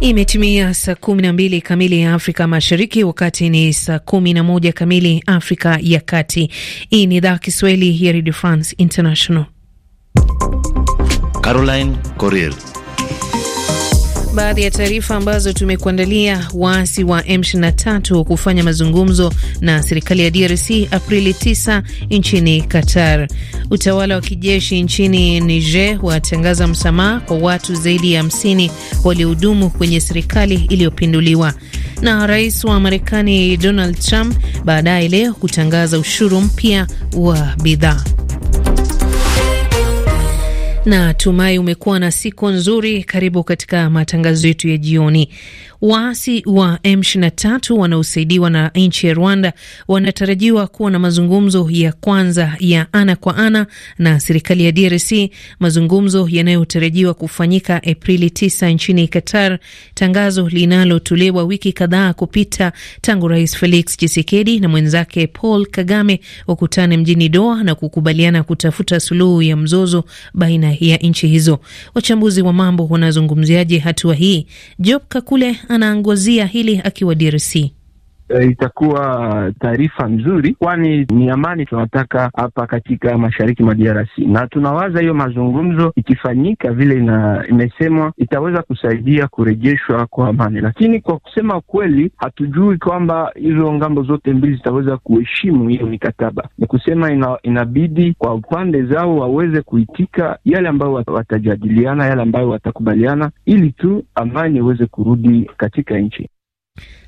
Imetimia saa 12 kamili ya Afrika Mashariki, wakati ni saa 11 kamili Afrika ya Kati. Hii ni idhaa Kiswahili ya Radio France International. Caroline Corrier baadhi ya taarifa ambazo tumekuandalia: waasi wa M23 kufanya mazungumzo na serikali ya DRC Aprili 9 nchini Qatar. Utawala wa kijeshi nchini Niger watangaza msamaha kwa watu zaidi ya 50 waliohudumu kwenye serikali iliyopinduliwa. Na rais wa Marekani Donald Trump baadaye leo kutangaza ushuru mpya wa bidhaa na tumai umekuwa na siku nzuri. Karibu katika matangazo yetu ya jioni. Waasi wa M23 wanaosaidiwa na nchi ya Rwanda wanatarajiwa kuwa na mazungumzo ya kwanza ya ana kwa ana na serikali ya DRC, mazungumzo yanayotarajiwa kufanyika Aprili 9 nchini Qatar, tangazo linalotolewa wiki kadhaa kupita tangu Rais Felix Tshisekedi na mwenzake Paul Kagame wakutane mjini Doha na kukubaliana kutafuta suluhu ya mzozo baina ya nchi hizo. Wachambuzi wa mambo wanazungumziaje hatua hii? Job Kakule anaangozia hili akiwa DRC. Eh, itakuwa taarifa nzuri, kwani ni amani tunataka hapa katika mashariki mwa DRC, na tunawaza hiyo mazungumzo ikifanyika vile ina, imesemwa itaweza kusaidia kurejeshwa kwa amani, lakini kwa kusema kweli hatujui kwamba hizo ngambo zote mbili zitaweza kuheshimu hiyo mikataba. Ni kusema ina, inabidi kwa upande zao waweze kuitika yale ambayo watajadiliana, yale ambayo watakubaliana, ili tu amani iweze kurudi katika nchi.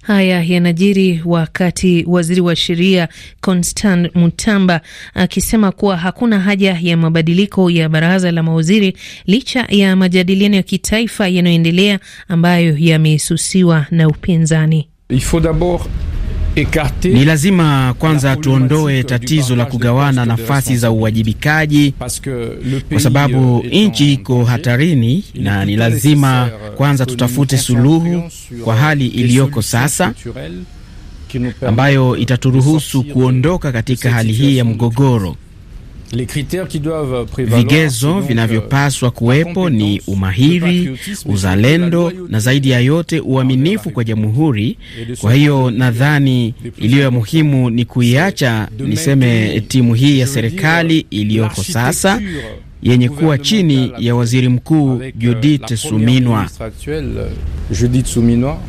Haya yanajiri wakati waziri wa sheria Constant Mutamba akisema kuwa hakuna haja ya mabadiliko ya baraza la mawaziri licha ya majadiliano ya kitaifa yanayoendelea ambayo yamesusiwa na upinzani. Ni lazima kwanza tuondoe tatizo la kugawana nafasi za uwajibikaji, kwa sababu euh, nchi iko hatarini, na ni lazima kwanza tutafute suluhu kwa hali euh, iliyoko sasa ambayo itaturuhusu kuondoka katika hali hii ya mgogoro. Vigezo vinavyopaswa euh, kuwepo ni umahiri, uzalendo na zaidi ya yote uaminifu kwa jamhuri. Kwa hiyo nadhani iliyo ya muhimu ni kuiacha, niseme, timu hii ya serikali iliyoko sasa yenye kuwa chini ya waziri mkuu euh, euh, Judith Suminwa.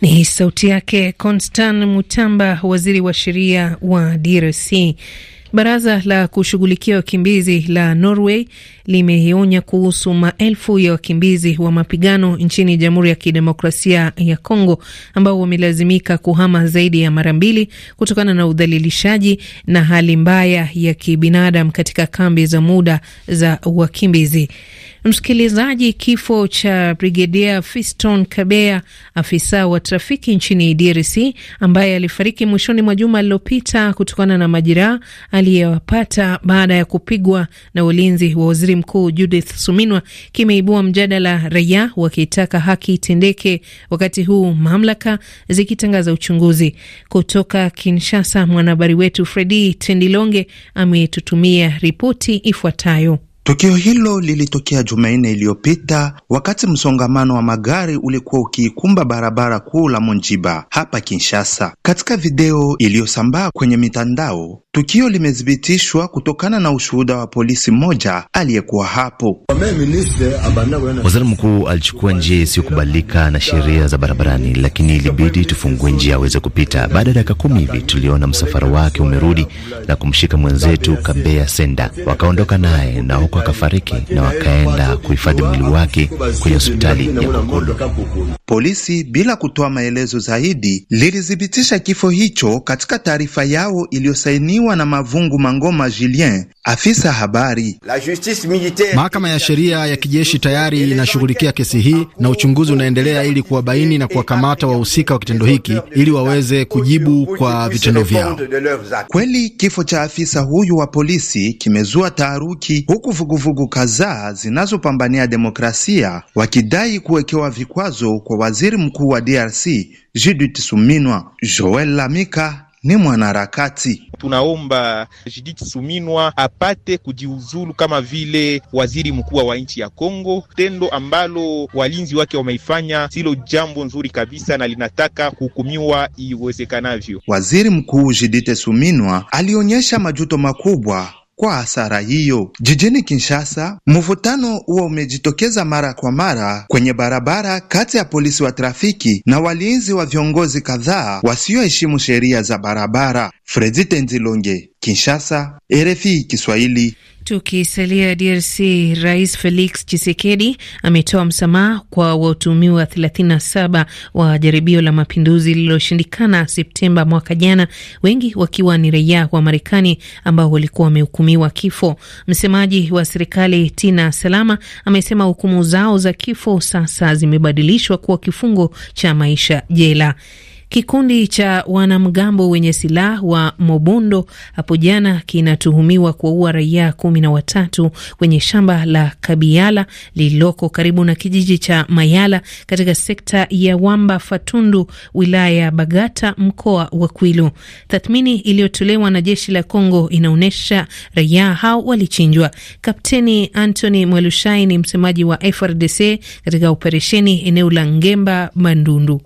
Ni sauti yake Constant Mutamba, waziri wa sheria wa DRC. Baraza la kushughulikia wakimbizi la Norway limeonya kuhusu maelfu ya wakimbizi wa mapigano nchini Jamhuri ya Kidemokrasia ya Kongo ambao wamelazimika kuhama zaidi ya mara mbili kutokana na udhalilishaji na hali mbaya ya kibinadamu katika kambi za muda za wakimbizi. Msikilizaji, kifo cha Brigedia Fiston Kabea, afisa wa trafiki nchini DRC ambaye alifariki mwishoni mwa juma lililopita kutokana na majeraha aliyewapata baada ya kupigwa na ulinzi wa waziri mkuu Judith Suminwa kimeibua mjadala, raia wakitaka haki itendeke, wakati huu mamlaka zikitangaza uchunguzi. Kutoka Kinshasa, mwanahabari wetu Fredi Tendilonge ametutumia ripoti ifuatayo. Tukio hilo lilitokea Jumanne iliyopita wakati msongamano wa magari ulikuwa ukiikumba barabara kuu la Monjiba hapa Kinshasa. Katika video iliyosambaa kwenye mitandao, Tukio limethibitishwa kutokana na ushuhuda wa polisi mmoja aliyekuwa hapo. Waziri mkuu alichukua njia isiyokubalika na sheria za barabarani, lakini ilibidi tufungue njia aweze kupita. Baada ya dakika kumi hivi tuliona msafara wake umerudi na kumshika mwenzetu Kabea Senda, wakaondoka naye na huko akafariki, na wakaenda kuhifadhi mwili wake kwenye hospitali ya Kakulu. Polisi bila kutoa maelezo zaidi lilithibitisha kifo hicho katika taarifa yao iliyosainiwa akiwa na Mavungu Mangoma Julien, afisa habari. Mahakama ya sheria ya kijeshi tayari inashughulikia kesi hii na uchunguzi unaendelea ili kuwabaini na kuwakamata wahusika wa kitendo hiki ili waweze kujibu kwa vitendo vyao. Kweli kifo cha afisa huyu wa polisi kimezua taharuki, huku vuguvugu kadhaa zinazopambania demokrasia wakidai kuwekewa vikwazo kwa waziri mkuu wa DRC Judith Suminwa. Joel Lamika, ni mwanaharakati. Tunaomba Judith Suminwa apate kujiuzulu kama vile waziri mkuu wa nchi ya Kongo. Tendo ambalo walinzi wake wameifanya silo jambo nzuri kabisa na linataka kuhukumiwa iwezekanavyo. Waziri Mkuu Judith Suminwa alionyesha majuto makubwa kwa hasara hiyo. Jijini Kinshasa, mvutano huo umejitokeza mara kwa mara kwenye barabara kati ya polisi wa trafiki na walinzi wa viongozi kadhaa wasioheshimu sheria za barabara. Fredi Tenzilonge, Kinshasa, RFI Kiswahili. Tukisalia DRC, Rais Felix chisekedi ametoa msamaha kwa watuhumiwa 37 wa jaribio la mapinduzi lililoshindikana Septemba mwaka jana, wengi wakiwa ni raia wa Marekani ambao walikuwa wamehukumiwa kifo. Msemaji wa serikali Tina Salama amesema hukumu zao za kifo sasa zimebadilishwa kuwa kifungo cha maisha jela. Kikundi cha wanamgambo wenye silaha wa Mobondo hapo jana kinatuhumiwa kuwaua raia kumi na watatu kwenye shamba la Kabiala lililoko karibu na kijiji cha Mayala katika sekta ya Wamba Fatundu, wilaya ya Bagata, mkoa wa Kwilu. Tathmini iliyotolewa na jeshi la Kongo inaonyesha raia hao walichinjwa. Kapteni Antony Mwelushai ni msemaji wa FRDC katika operesheni eneo la Ngemba Mandundu.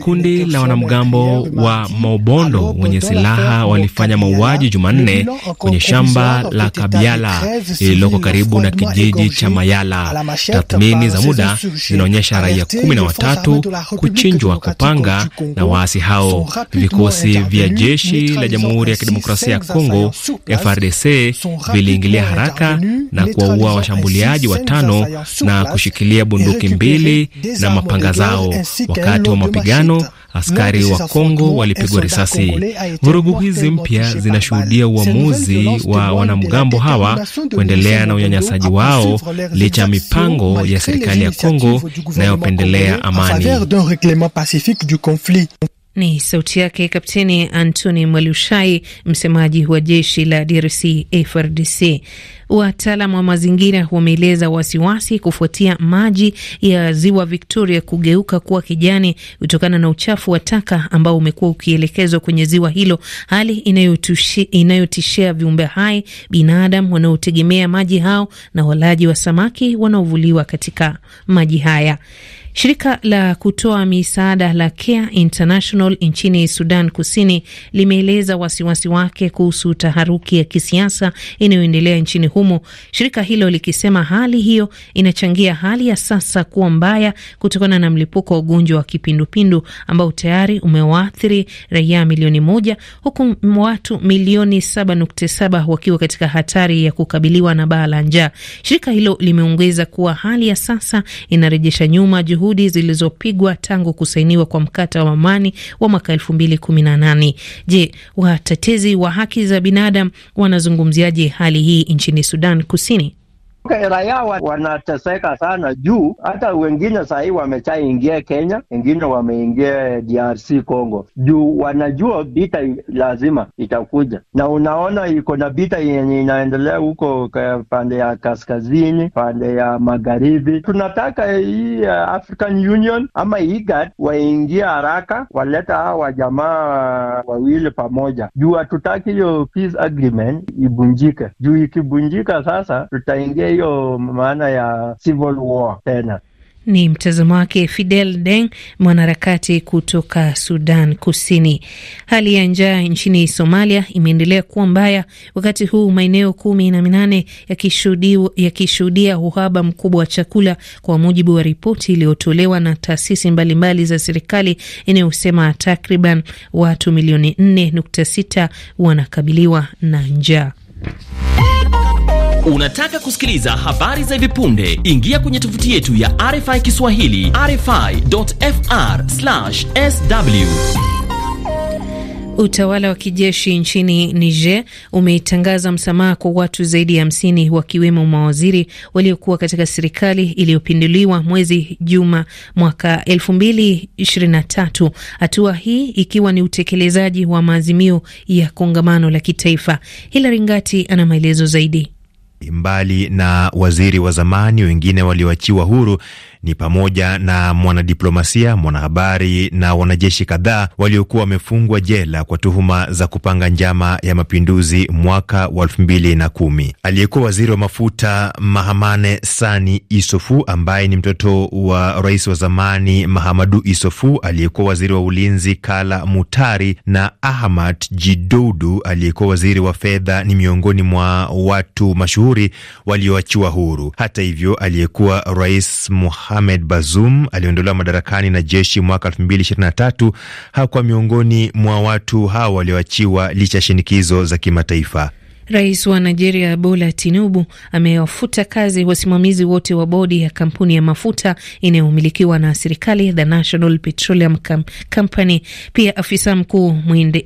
Kundi la wanamgambo wa Mobondo wenye silaha walifanya mauaji Jumanne kwenye shamba la Kabiala lililoko karibu na kijiji cha Mayala. Tathmini za muda zinaonyesha raia kumi na watatu kuchinjwa kwa panga na waasi hao. Vikosi vya jeshi la Jamhuri ya Kidemokrasia ya Kongo frdc viliingilia haraka na kuwaua washambuliaji watano na kushikilia bunduki mbili na mapanga zao. Wakati wa mapigano, askari wa Kongo walipigwa risasi. Vurugu hizi mpya zinashuhudia uamuzi wa wanamgambo hawa kuendelea na unyanyasaji wao licha ya mipango ya serikali ya Kongo inayopendelea amani. Ni sauti yake Kapteni Antoni Mwalushai, msemaji wa jeshi la DRC FRDC. Wataalam wa mazingira wameeleza wasiwasi kufuatia maji ya ziwa Victoria kugeuka kuwa kijani kutokana na uchafu wa taka ambao umekuwa ukielekezwa kwenye ziwa hilo, hali inayotishia viumbe hai, binadamu wanaotegemea maji hao na walaji wa samaki wanaovuliwa katika maji haya. Shirika la kutoa misaada la Care International nchini Sudan Kusini limeeleza wasiwasi wake kuhusu taharuki ya kisiasa inayoendelea nchini humo, shirika hilo likisema hali hiyo inachangia hali ya sasa kuwa mbaya kutokana na mlipuko wa ugonjwa wa kipindupindu ambao tayari umewaathiri raia milioni moja huku watu milioni 7.7 wakiwa katika hatari ya kukabiliwa na baa la njaa. Shirika hilo limeongeza kuwa hali ya sasa inarejesha nyuma juhu juhudi zilizopigwa tangu kusainiwa kwa mkataba wa amani wa mwaka elfu mbili kumi na nane. Je, watetezi wa haki za binadamu wanazungumziaje hali hii nchini Sudan Kusini? Raia wanateseka sana juu hata wengine sahii wameshaingia Kenya, wengine wameingia DRC Congo juu wanajua bita lazima itakuja, na unaona iko na bita yenye inaendelea huko pande ya kaskazini, pande ya magharibi. Tunataka hii eh, African Union ama IGAD waingia haraka, waleta hawa wajamaa eh, wawili pamoja, juu hatutaki hiyo peace agreement ibunjike, juu ikibunjika sasa tutaingia hiyo maana ya civil war tena. Ni mtazamo wake Fidel Deng, mwanaharakati kutoka Sudan Kusini. Hali ya njaa nchini Somalia imeendelea kuwa mbaya, wakati huu maeneo kumi na minane yakishuhudia uhaba mkubwa wa chakula, kwa mujibu wa ripoti iliyotolewa na taasisi mbalimbali za serikali inayosema takriban watu milioni 4.6 wanakabiliwa na njaa. Unataka kusikiliza habari za hivi punde? Ingia kwenye tovuti yetu ya RFI Kiswahili, rfi.fr/sw. Utawala wa kijeshi nchini Niger umetangaza msamaha kwa watu zaidi ya hamsini wakiwemo mawaziri waliokuwa katika serikali iliyopinduliwa mwezi Juma mwaka elfu mbili ishirini na tatu, hatua hii ikiwa ni utekelezaji wa maazimio ya kongamano la kitaifa. Hilari Ngati ana maelezo zaidi. Mbali na waziri wa zamani, wengine walioachiwa huru ni pamoja na mwanadiplomasia, mwanahabari na wanajeshi kadhaa waliokuwa wamefungwa jela kwa tuhuma za kupanga njama ya mapinduzi mwaka wa elfu mbili na kumi. Aliyekuwa waziri wa mafuta Mahamane Sani Isofu ambaye ni mtoto wa rais wa zamani Mahamadu Isofu, aliyekuwa waziri wa ulinzi Kala Mutari na Ahmad Jidoudu aliyekuwa waziri wa fedha ni miongoni mwa watu mashuhuri walioachiwa huru. Hata hivyo, aliyekuwa rais Muhammad ahmed Bazoum aliondolewa madarakani na jeshi mwaka 2023 hakuwa miongoni mwa watu hao walioachiwa licha ya shinikizo za kimataifa. Rais wa Nigeria Bola Tinubu amewafuta kazi wasimamizi wote wa bodi ya kampuni ya mafuta inayomilikiwa na serikali The National Petroleum Company. Pia afisa mkuu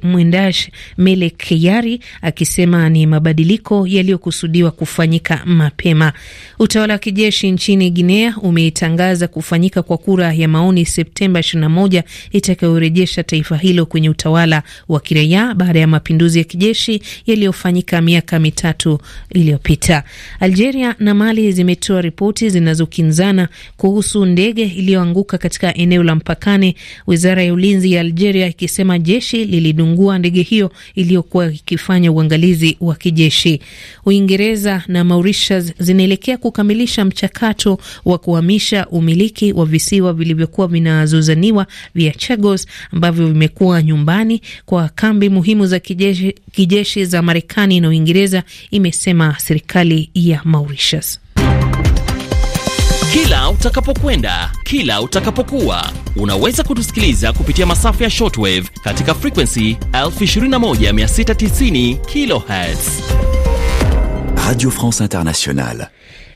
mwendash Mele keyari akisema ni mabadiliko yaliyokusudiwa kufanyika mapema. Utawala wa kijeshi nchini Guinea umeitangaza kufanyika kwa kura ya maoni Septemba 21 itakayorejesha taifa hilo kwenye utawala wa kiraia baada ya mapinduzi ya kijeshi yaliyofanyika miaka mitatu iliyopita. Algeria na Mali zimetoa ripoti zinazokinzana kuhusu ndege iliyoanguka katika eneo la mpakani, wizara ya ulinzi ya Algeria ikisema jeshi lilidungua ndege hiyo iliyokuwa ikifanya uangalizi wa kijeshi. Uingereza na Mauritius zinaelekea kukamilisha mchakato wa kuhamisha umiliki wa visiwa vilivyokuwa vinazozaniwa vya Chagos ambavyo vimekuwa nyumbani kwa kambi muhimu za kijeshi, kijeshi za Marekani na Uingereza imesema serikali ya Mauritius. Kila utakapokwenda, kila utakapokuwa, unaweza kutusikiliza kupitia masafa ya shortwave katika frequency 21690 kilohertz. Radio France Internationale.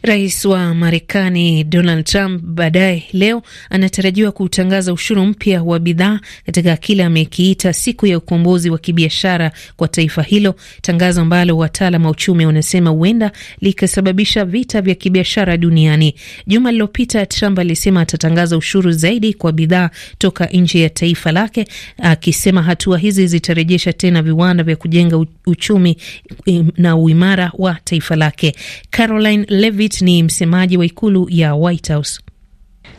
Rais wa Marekani Donald Trump baadaye leo anatarajiwa kutangaza ushuru mpya wa bidhaa katika kile amekiita siku ya ukombozi wa kibiashara kwa taifa hilo, tangazo ambalo wataalam wa uchumi wanasema huenda likasababisha vita vya kibiashara duniani. Juma lililopita, Trump alisema atatangaza ushuru zaidi kwa bidhaa toka nje ya taifa lake, akisema hatua hizi zitarejesha tena viwanda vya kujenga uchumi eh, na uimara wa taifa lake. Caroline Levitt ni msemaji wa ikulu ya White House.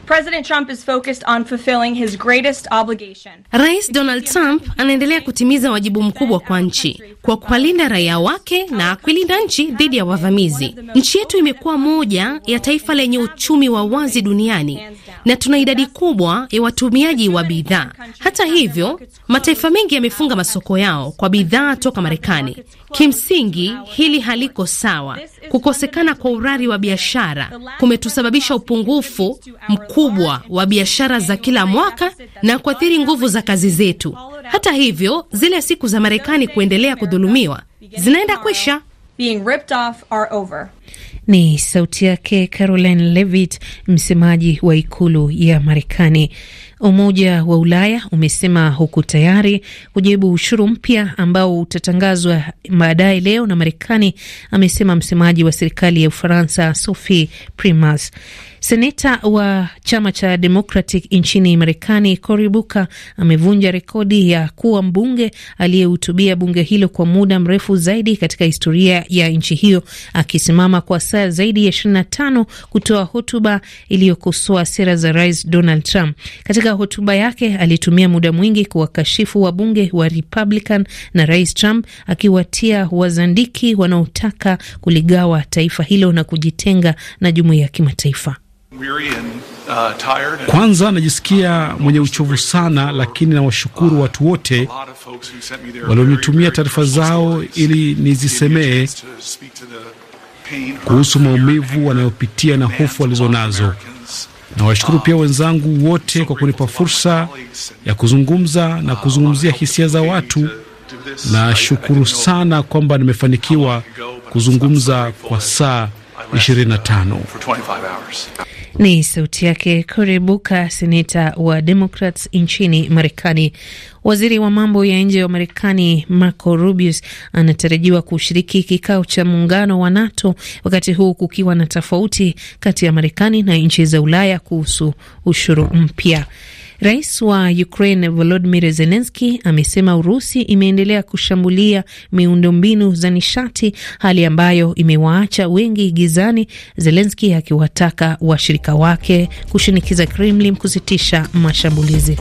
President Trump is focused on fulfilling his greatest obligation. Rais Donald Trump anaendelea kutimiza wajibu mkubwa kwa nchi kwa kuwalinda raia wake na kuilinda nchi dhidi ya wavamizi. Nchi yetu imekuwa moja ya taifa lenye uchumi wa wazi duniani na tuna idadi kubwa ya watumiaji wa bidhaa. Hata hivyo, mataifa mengi yamefunga masoko yao kwa bidhaa toka Marekani. Kimsingi, hili haliko sawa. Kukosekana kwa urari wa biashara kumetusababisha upungufu mkubwa mkubwa wa biashara za kila mwaka na kuathiri nguvu za kazi zetu. Hata hivyo, zile siku za Marekani kuendelea kudhulumiwa zinaenda kwisha. Ni sauti yake Caroline Levitt, msemaji wa ikulu ya Marekani. Umoja wa Ulaya umesema huku tayari kujibu ushuru mpya ambao utatangazwa baadaye leo na Marekani, amesema msemaji wa serikali ya Ufaransa Sophie Primas. Seneta wa chama cha Democratic nchini Marekani, Cory Booker amevunja rekodi ya kuwa mbunge aliyehutubia bunge hilo kwa muda mrefu zaidi katika historia ya nchi hiyo, akisimama kwa saa zaidi ya 25 kutoa hotuba iliyokosoa sera za Rais Donald Trump. Katika hotuba yake alitumia muda mwingi kuwakashifu wabunge wa Republican na Rais Trump, akiwatia wazandiki wanaotaka kuligawa taifa hilo na kujitenga na jumuiya ya kimataifa. Uh, Kwanza najisikia mwenye uchovu sana, lakini nawashukuru watu wote walionitumia taarifa zao ili nizisemee kuhusu maumivu wanayopitia na hofu walizonazo. Nawashukuru pia ah, wenzangu wote kwa kunipa fursa ya kuzungumza uh, na kuzungumzia hisia za watu. Nashukuru sana kwamba nimefanikiwa kuzungumza kwa saa 25. Ni sauti yake Cory Booker, seneta wa Democrats nchini Marekani. Waziri wa mambo ya nje wa Marekani Marco Rubio anatarajiwa kushiriki kikao cha muungano wa NATO wakati huu kukiwa na tofauti kati ya Marekani na nchi za Ulaya kuhusu ushuru mpya. Rais wa Ukraine Volodymyr Zelensky amesema Urusi imeendelea kushambulia miundombinu za nishati, hali ambayo imewaacha wengi gizani, Zelensky akiwataka washirika wake kushinikiza Kremlin kusitisha mashambulizi.